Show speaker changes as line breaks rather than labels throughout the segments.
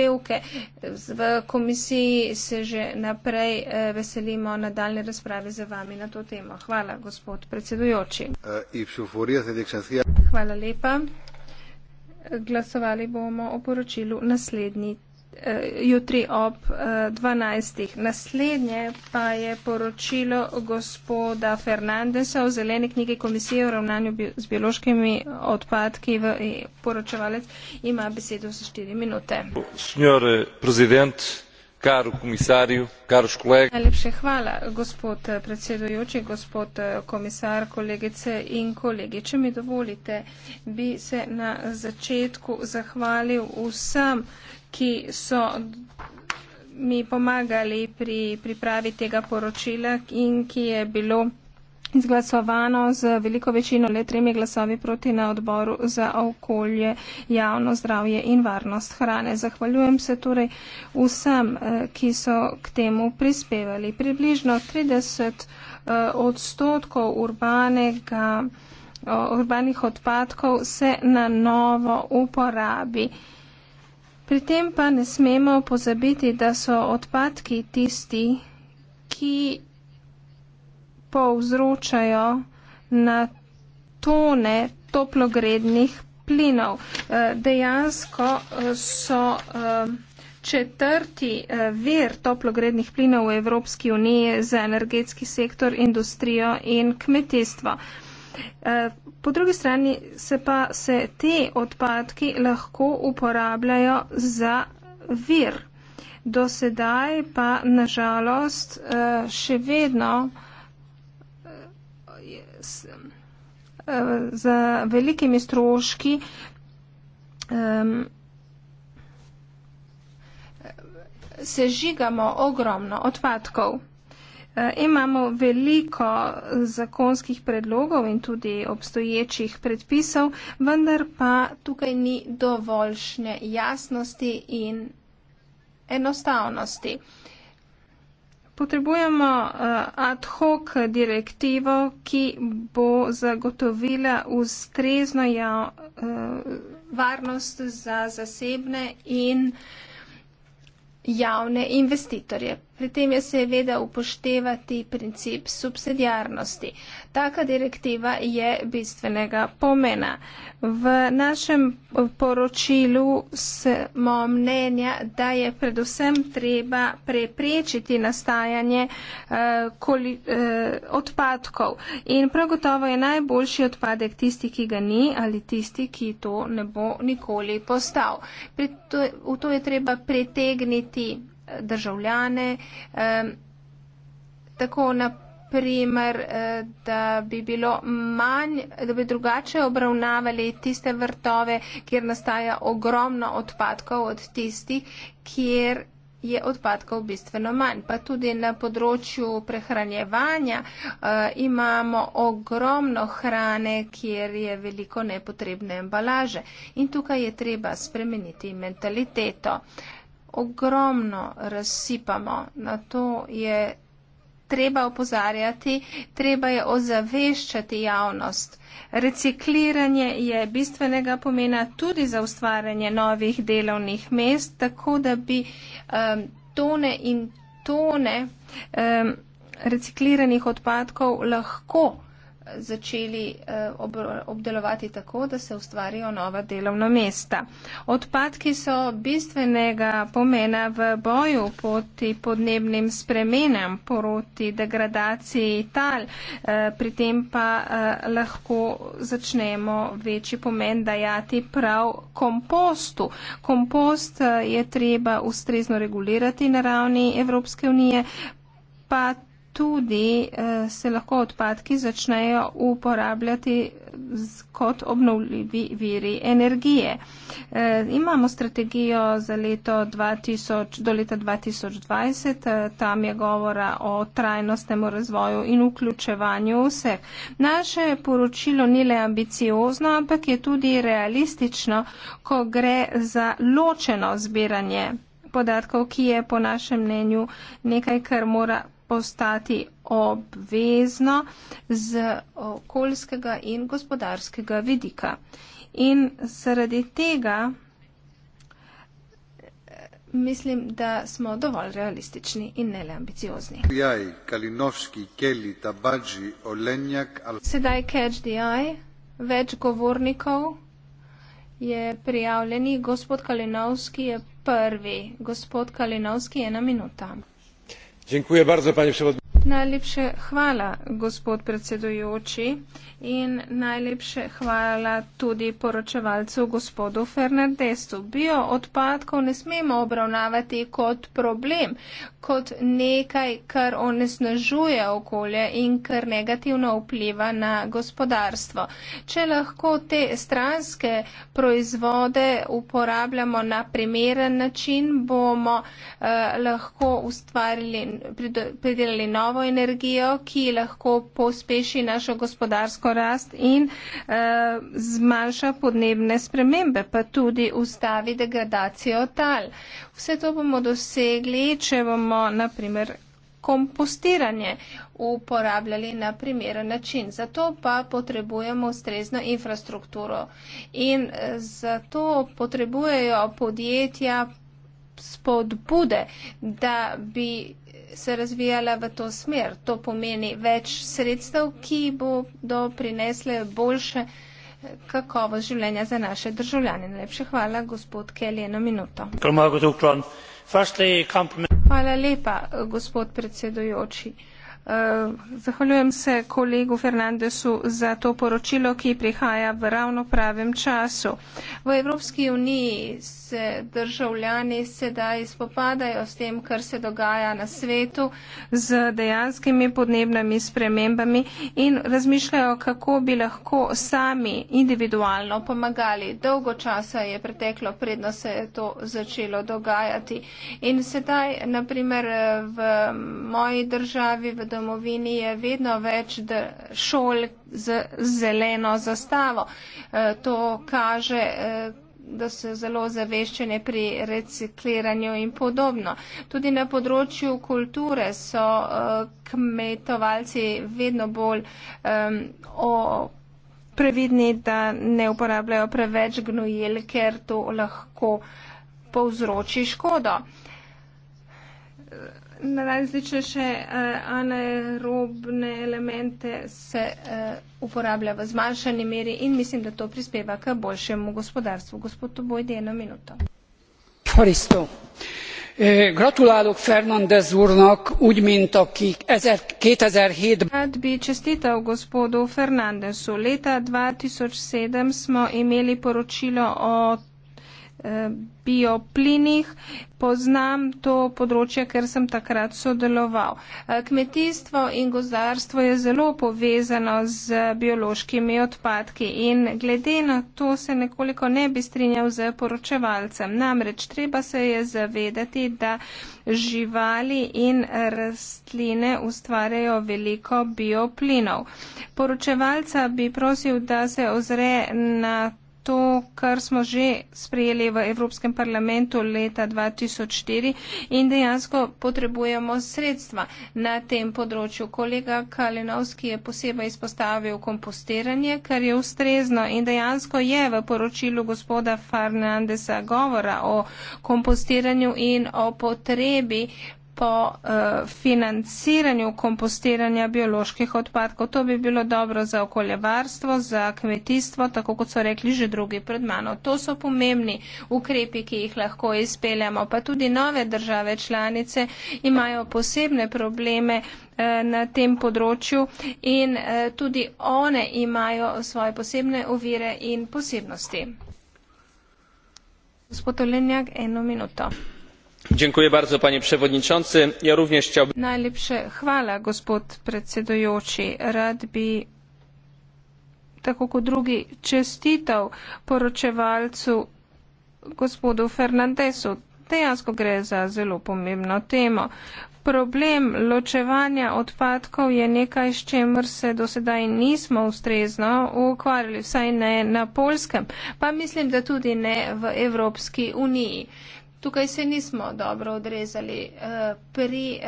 prispevke. V komisiji se že naprej eh, veselimo nadaljne razprave za vami na to temo. Hvala, gospod predsedujoči.
Eh,
Hvala lepa. Glasovali bomo o poročilu naslednji Eh, jutri ob 12. Eh, Naslednje pa je poročilo gospoda Fernandesa o zeleni knjigi Komisije o ravnanju z biološkimi odpadki v EU. E. Poročevalec ima besedo za 4 minute.
Signor, Caro komisarju, caros kolegi.
Najlepše hvala, gospod predsedujoči, gospod eh, komisar, kolegice in kolegi. Če mi dovolite, bi se na začetku zahvalil vsem, ki so mi pomagali pri pripravi tega poročila in ki je bilo izglasovano z veliko večino le tremi glasovi proti na odboru za okolje, javno zdravje in varnost hrane. Zahvaljujem se torej vsem, eh, ki so k temu prispevali. Približno 30 eh, odstotkov urbanega urbanih odpadkov se na novo uporabi. Pri tem pa ne smemo pozabiti, da so odpadki tisti, ki povzročajo na tone toplogrednih plinov. Eh, dejansko eh, so eh, četrti ver toplogrednih plinov v Evropski uniji za energetski sektor, industrijo in kmetijstvo. Po drugi strani se pa se te odpadki lahko uporabljajo za vir. Do sedaj pa nažalost še vedno Eh, z velikimi stroški um, sežigamo ogromno odpadkov. Eh, imamo veliko zakonskih predlogov in tudi obstoječih predpisov, vendar pa tukaj ni dovoljšne jasnosti in enostavnosti. Uh, potrebujemo uh, ad hoc direktivo, ki bo zagotovila ustrezno ja, uh, varnost za zasebne in javne investitorje. Pri tem je seveda upoštevati princip subsidiarnosti. Taka direktiva je bistvenega pomena. V našem poročilu smo mnenja, da je predvsem treba preprečiti nastajanje eh, koli, eh, odpadkov. In prav gotovo je najboljši odpadek tisti, ki ga ni ali tisti, ki to ne bo nikoli postal. Pri to, v to je treba pritegniti državljane. Tako na primer, eh, da bi bilo manj, da bi drugače obravnavali tiste vrtove, kjer nastaja ogromno odpadkov od tistih, kjer je odpadkov bistveno manj. Pa tudi na področju prehranjevanja uh, imamo ogromno hrane, kjer je veliko nepotrebne embalaže. In tukaj je treba spremeniti mentaliteto. Uh, ogromno razsipamo. Na to je treba opozarjati, treba je ozaveščati javnost. Recikliranje je bistvenega pomena tudi za ustvarjanje novih delovnih mest, tako da bi um, tone in tone um, recikliranih odpadkov lahko začeli eh, obdelovati tako, da se ustvarijo nova delovna mesta. Odpadki so bistvenega pomena v boju proti podnebnim spremenem, proti degradaciji tal, eh, pri tem pa eh, lahko začnemo večji pomen dajati prav kompostu. Kompost je treba ustrezno regulirati na ravni Evropske unije, pa tudi eh, se lahko odpadki začnejo uporabljati kot obnovljivi viri energije. Eh, imamo strategijo za leto 2000, do leta 2020, eh, tam je govora o trajnostnem razvoju in vključevanju vseh. Naše poročilo ni le ambiciozno, ampak je tudi realistično, ko gre za ločeno zbiranje podatkov, ki je po našem mnenju nekaj, kar mora postati obvezno z okoljskega in gospodarskega vidika. In zaradi tega eh, mislim, da smo dovolj realistični in ne le ambiciozni. Sedaj catch the eye, več govornikov je prijavljeni, gospod Kalinovski je prvi, gospod Kalinovski ena minuta
panie przewodniczący panie komisarzu!
Najlepše hvala, gospod predsedujoči, in najlepše hvala tudi poročevalcu gospodu Fernandestu. Bio odpadkov ne smemo obravnavati kot problem, kot nekaj, kar onesnažuje okolje in kar negativno vpliva na gospodarstvo. Če lahko te stranske proizvode uporabljamo na primeren način, bomo eh, lahko ustvarili, pridelali nove novo energijo, ki lahko pospeši našo gospodarsko rast in eh, zmanjša podnebne spremembe, pa tudi ustavi degradacijo tal. Vse to bomo dosegli, če bomo, na primer, kompostiranje uporabljali na primeren način. Zato pa potrebujemo ustrezno infrastrukturo in eh, zato potrebujejo podjetja spodbude, da bi se razvijala v to smer. To pomeni več sredstev, ki bodo prinesle boljše kakovost življenja za naše državljane. Najlepša hvala, gospod Kelly, eno minuto. Hvala lepa, gospod predsedujoči. Eh, zahvaljujem se kolegu Fernandesu za to poročilo, ki prihaja v ravno pravem času. V Evropski uniji se državljani sedaj spopadajo s tem, kar se dogaja na svetu, z dejanskimi podnebnimi spremembami in razmišljajo, kako bi lahko sami individualno pomagali. Dolgo časa je preteklo, predno se je to začelo dogajati. In sedaj, naprimer, eh, v moji državi, v domovini, domovini je vedno več šol z zeleno zastavo. E, to kaže, e, da so zelo zaveščene pri recikliranju in podobno. Tudi na področju kulture so e, kmetovalci vedno bolj o previdni, da ne uporabljajo preveč gnojil, ker to lahko povzroči škodo na različne še uh, anaerobne elemente se uh, uporablja v zmanjšani meri in mislim, da to prispeva k boljšemu gospodarstvu. Gospod Toboj, eno minuto. Faristo. Eh, gratulálok Fernandez úrnak, úgy, mint aki 2007-ben... Rád bi čestital gospodu Fernandezu. Leta 2007 smo imeli poročilo o bioplinih. Poznam to področje, ker sem takrat sodeloval. Eh, kmetijstvo in gozdarstvo je zelo povezano z biološkimi odpadki in glede na to se nekoliko ne bi strinjal z poročevalcem. Namreč treba se je zavedati, da živali in rastline ustvarjajo veliko bioplinov. Poročevalca bi prosil, da se ozre na to, to, kar smo že sprejeli v Evropskem parlamentu leta 2004 in dejansko potrebujemo sredstva na tem področju. Kolega Kalinovski je posebej izpostavil kompostiranje, kar je ustrezno in dejansko je v poročilu gospoda Fernandesa govora o kompostiranju in o potrebi po uh, financiranju kompostiranja bioloških odpadkov. To bi bilo dobro za okoljevarstvo, za kmetijstvo, tako kot so rekli že drugi pred mano. To so pomembni ukrepi, ki jih lahko izpeljamo. Pa tudi nove države članice imajo posebne probleme eh, na tem področju in eh, tudi one imajo svoje posebne ovire in posebnosti. Gospod Olenjak, eno minuto. Ja najlepša hvala gospod predsedujoči rad bi tako kot drugi čestital poročevalcu gospodu fernandesu dejansko gre za zelo pomembno temo problem ločevanja odpadkov je nekaj s čemer se do sedaj nismo ustrezno ukvarjali vsaj ne na polskem pa mislim da tudi ne v evropski uniji Tukaj se nismo dobro odrezali. Eh, pri eh,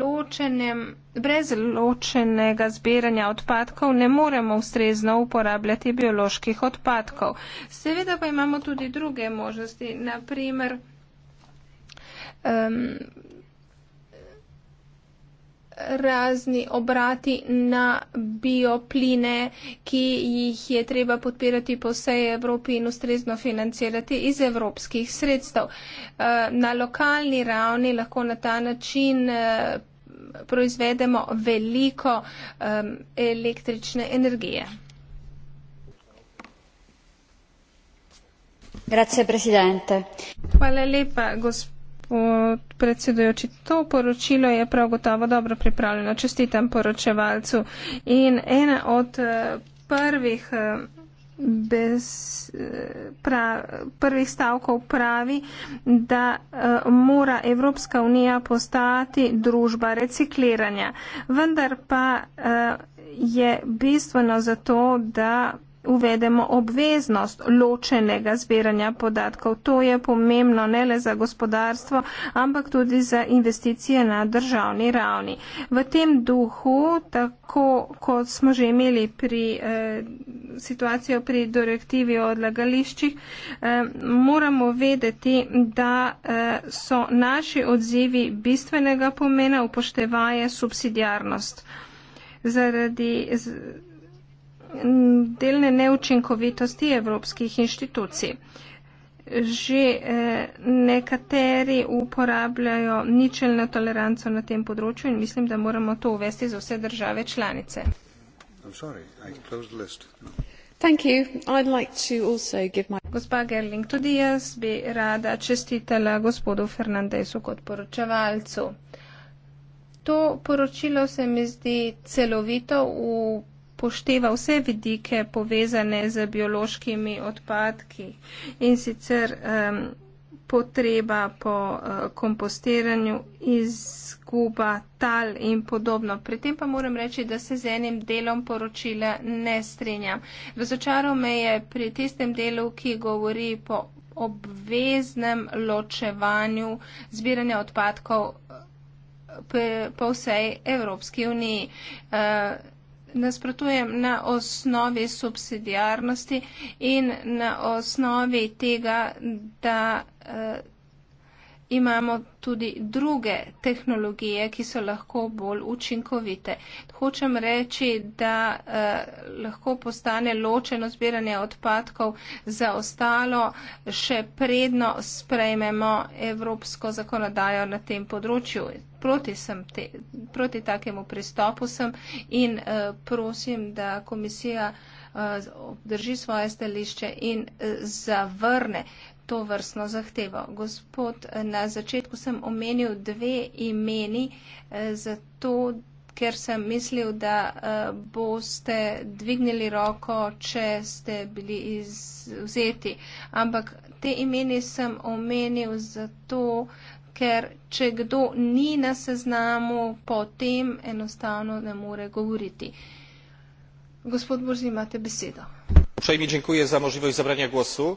ločenem, brez ločenega zbiranja odpadkov ne moremo ustrezno uporabljati bioloških odpadkov. Seveda pa imamo tudi druge možnosti, naprimer. Um, razni obrati na biopline, ki jih je treba podpirati po vsej Evropi in ustrezno financirati iz evropskih sredstev. Eh, na lokalni ravni lahko na ta način eh, proizvedemo veliko ehm, električne energije. Hvala lepa, gospod gospod predsedujoči, to poročilo je prav gotovo dobro pripravljeno. Čestitam poročevalcu. In ena od eh, prvih, eh, bez, eh, pra, prvih stavkov pravi, da mora Evropska unija postati družba recikliranja. Vendar pa je bistveno za to, da uvedemo obveznost ločenega zbiranja podatkov. To je pomembno ne le za gospodarstvo, ampak tudi za investicije na državni ravni. V tem duhu, tako kot smo že imeli pri eh, situacijo pri direktivi o odlagališčih, eh, moramo vedeti, da eh, so naši odzivi bistvenega pomena upoštevaje subsidijarnost. Zaradi, z, delne neučinkovitosti evropskih inštitucij. Že eh, nekateri uporabljajo ničelno toleranco na tem področju in mislim, da moramo to uvesti za vse države članice.
No.
Gospa Gerling, tudi jaz bi rada čestitela gospodu Fernandesu kot poročevalcu. To poročilo se mi zdi celovito v upošteva vse vidike povezane z biološkimi odpadki in sicer um, potreba po uh, kompostiranju, izguba tal in podobno. Pri tem pa moram reči, da se z enim delom poročila ne strinjam. Razočaral me je pri tistem delu, ki govori po obveznem ločevanju zbiranja odpadkov e, po vsej Evropski uniji. Uh, nasprotujem na osnovi subsidijarnosti in na osnovi tega, da. Uh, imamo tudi druge tehnologije, ki so lahko bolj učinkovite. Hočem reči, da eh, lahko postane ločeno zbiranje odpadkov za ostalo, še predno sprejmemo evropsko zakonodajo na tem področju. Proti, te, proti takemu pristopu sem in eh, prosim, da komisija eh, obdrži svoje stališče in eh, zavrne to vrstno zahtevo. Gospod, na začetku sem omenil dve imeni, eh, zato, ker sem mislil, da eh, boste dvignili roko, če ste bili izuzeti. Ampak te imeni sem omenil zato, ker če kdo ni na seznamu, potem enostavno ne more govoriti. Gospod Borzi, imate besedo.
Przejmie dziękuję za możliwość zabrania głosu.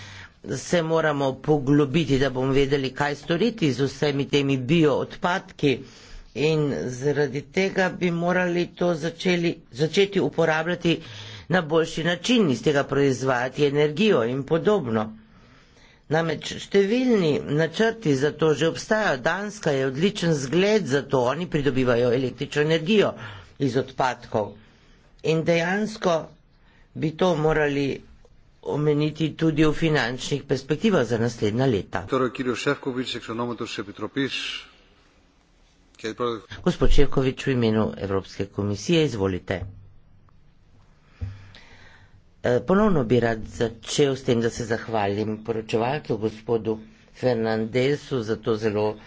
se moramo poglobiti, da bomo vedeli, kaj storiti z vsemi temi bioodpadki. In zaradi tega bi morali to začeli, začeti uporabljati na boljši način, iz tega proizvajati energijo in podobno. Namreč številni načrti za to že obstajajo. Danska je odličen zgled za to, oni pridobivajo električno energijo iz odpadkov. In dejansko bi to morali omeniti tudi o finančnih perspektivah za naslednja leta. Torej, Gospod Šefkovič, v imenu Evropske komisije, izvolite. E, ponovno bi rad začel s tem, da se zahvalim poročevalcu gospodu Fernandesu za to zelo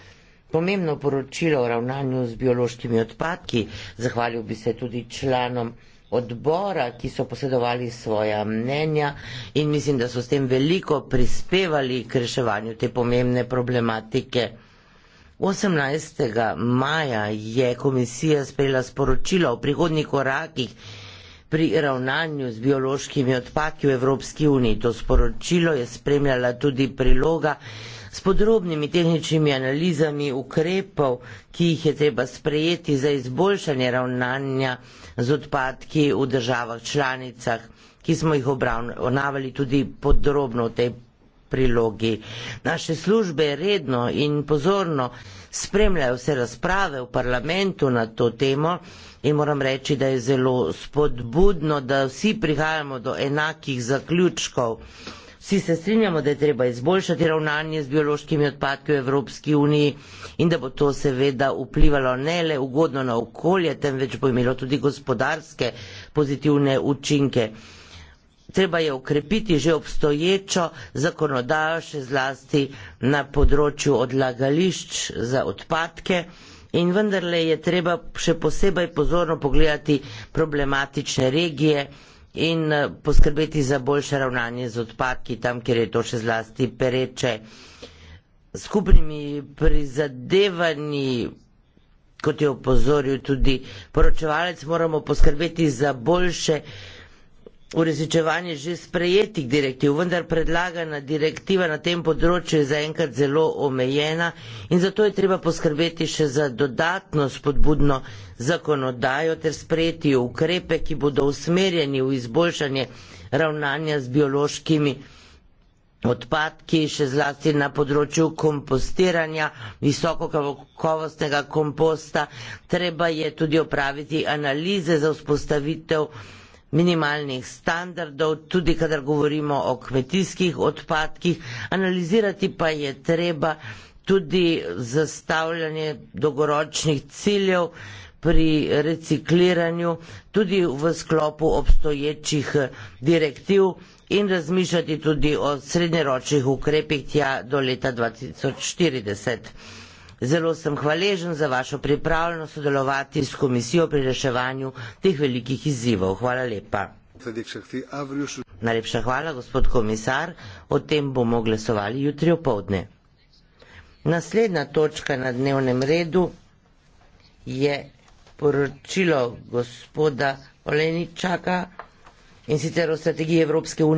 pomembno poročilo o ravnanju z biološkimi odpadki. Zahvalil bi se tudi članom odbora, ki so posedovali svoja mnenja in mislim, da so s tem veliko prispevali k reševanju te pomembne problematike. 18. maja je komisija sprejela sporočilo o prihodnih korakih pri ravnanju z biološkimi odpadki v Evropski uniji. To sporočilo je spremljala tudi priloga s podrobnimi tehničnimi analizami ukrepov, ki jih je treba sprejeti za izboljšanje ravnanja z odpadki v državah članicah, ki smo jih obravnavali tudi podrobno v tej prilogi. Naše službe redno in pozorno spremljajo vse razprave v parlamentu na to temo in moram reči, da je zelo spodbudno, da vsi prihajamo do enakih zaključkov. Vsi se strinjamo, da je treba izboljšati ravnanje z biološkimi odpadki v Evropski uniji in da bo to seveda vplivalo ne le ugodno na okolje, temveč bo imelo tudi gospodarske pozitivne učinke treba je ukrepiti že obstoječo zakonodajo, še zlasti na področju odlagališč za odpadke. In vendarle je treba še posebej pozorno pogledati problematične regije in eh, poskrbeti za boljše ravnanje z odpadki tam, kjer je to še zlasti pereče. Skupnimi prizadevanji, kot je opozoril tudi poročevalec, moramo poskrbeti za boljše uresničevanje že sprejetih direktiv, vendar predlagana direktiva na tem področju je zaenkrat zelo omejena in zato je treba poskrbeti še za dodatno spodbudno zakonodajo ter sprejeti ukrepe, ki bodo usmerjeni v izboljšanje ravnanja z biološkimi odpadki, še zlasti na področju kompostiranja, visokokakovostnega komposta. Treba je tudi opraviti analize za vzpostavitev minimalnih standardov, tudi kadar govorimo o kmetijskih odpadkih, analizirati pa je treba tudi zastavljanje dolgoročnih ciljev pri recikliranju, tudi v sklopu obstoječih eh, direktiv in razmišljati tudi o srednjeročnih ukrepih tja do leta 2040. Zelo sem hvaležen za vašo pripravljeno sodelovati s komisijo pri reševanju teh velikih izzivov. Hvala lepa. Najlepša hvala, gospod komisar. O tem bomo glasovali jutri o povdne. Naslednja točka na dnevnem redu je poročilo gospoda Oleničaka in sicer o strategiji Evropske unije.